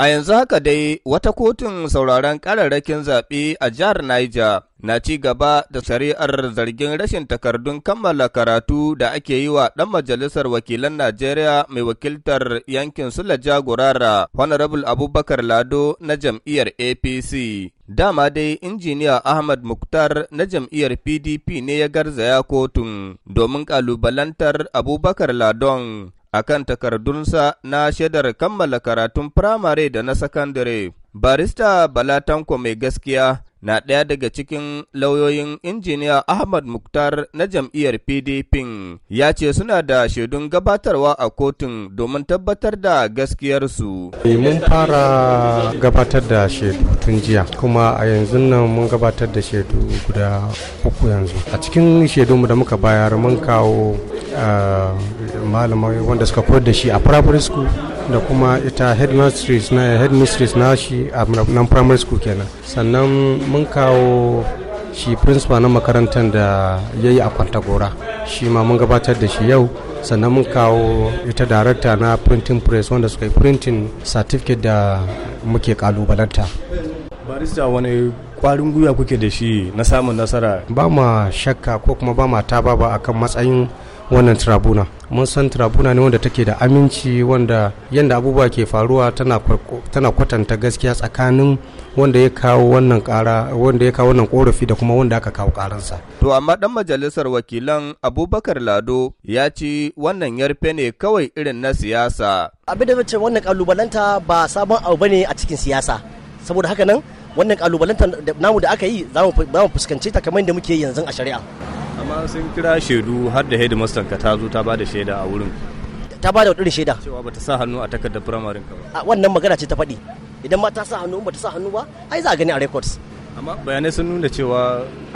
A yanzu haka dai wata kotun sauraron kararrakin zaɓe a jihar Niger na ci gaba da shari'ar zargin rashin takardun kammala karatu da ake yi wa ɗan majalisar wakilan Najeriya mai wakiltar yankin Sula Jagorara, Honorable Abubakar Lado na jam'iyyar APC. Dama dai injiniya Ahmad Muktar na jam'iyyar PDP ne ya garzaya kotun domin ƙalubalantar Abubakar Ladon a kan takardunsa na shaidar kammala karatun firamare da na sakandare. Barista Bala Tanko mai gaskiya na ɗaya daga cikin lauyoyin injiniya Ahmad Muktar na jam'iyyar PDP ya ce suna da shaidun gabatarwa a kotun domin tabbatar da gaskiyarsu. Eh, mun fara gabatar da shaidu tun jiya kuma a yanzu nan mun gabatar da shaidu guda uku yanzu. A cikin shaidunmu da muka bayar mun kawo Um, malamai wanda suka koyar da shi a primary school da kuma ita headmistress na headmistress na shi a nan primary school kenan sannan mun kawo shi principal na makarantar da ya yi a gora shi ma mun gabatar da shi yau sannan mun kawo ita darakta na printing press wanda suka yi printing certificate da muke kalubalanta barista wani kwarin gwiwa kuke da shi na samun nasara ba ma shakka ko kuma ba ma ta ba akan matsayin wannan tribuna mun san tribuna ne wanda take da aminci wanda yadda abubuwa ke faruwa tana kwatanta gaskiya tsakanin wanda ya kawo wannan kara wanda ya kawo wannan korafi da kuma wanda aka kawo karansa to amma dan majalisar wakilan abubakar lado ya ci wannan yarfe ne kawai irin na siyasa abin da mace wannan kalubalanta ba sabon abu bane a cikin siyasa saboda haka nan wannan kalubalanta namu da aka yi za mu fuskanci ta kamar da muke yanzu a shari'a amma sun kira shaidu har da hedimastan ka ta zo ta ba da shaida a wurin ta ba da wadda shaida cewa ba ta sa hannu a takardar firamarin ka ba wannan magana ce ta faɗi idan ma ta sa hannu ba ta sa hannu ba ai za a gani a records amma bayanai sun nuna cewa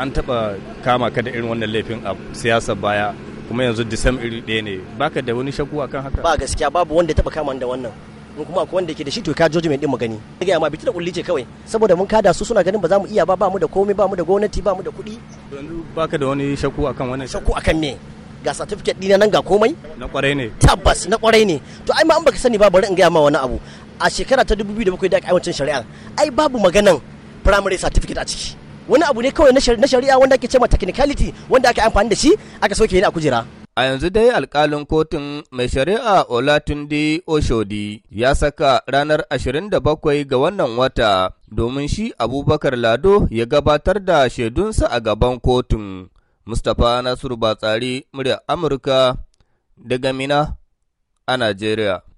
an taba kama ka da irin wannan laifin a siyasar baya kuma yanzu disam iri ɗaya ne baka da wani shakku akan haka ba gaskiya babu wanda ya taɓa kama da wannan in kuma akwai wanda ke da shi to ka judgment din mu gani ga amma bitu da kulli ce kawai saboda mun kada su suna ganin ba za mu iya ba ba mu da komai ba mu da gwamnati ba mu da kuɗi yanzu baka da wani shakku akan wannan shakku akan me ga certificate dina nan ga komai na kwarai ne tabbas na kwarai ne to ai ma an baka sani ba bari in ga ma wani abu a shekara ta 2007 da aka aiwancin shari'a ai babu maganan primary certificate a ciki wani abu ne kawai na shari'a wanda ake cewa technicality wanda aka amfani da shi aka soke ni a kujera A yanzu dai alkalin kotun mai shari'a Olatunde Oshodi ya saka ranar 27 ga wannan wata domin shi Abubakar Lado ya gabatar da shaidunsa a gaban kotun. Mustapha Nasiru Batsari, murya Amurka daga Mina a Najeriya.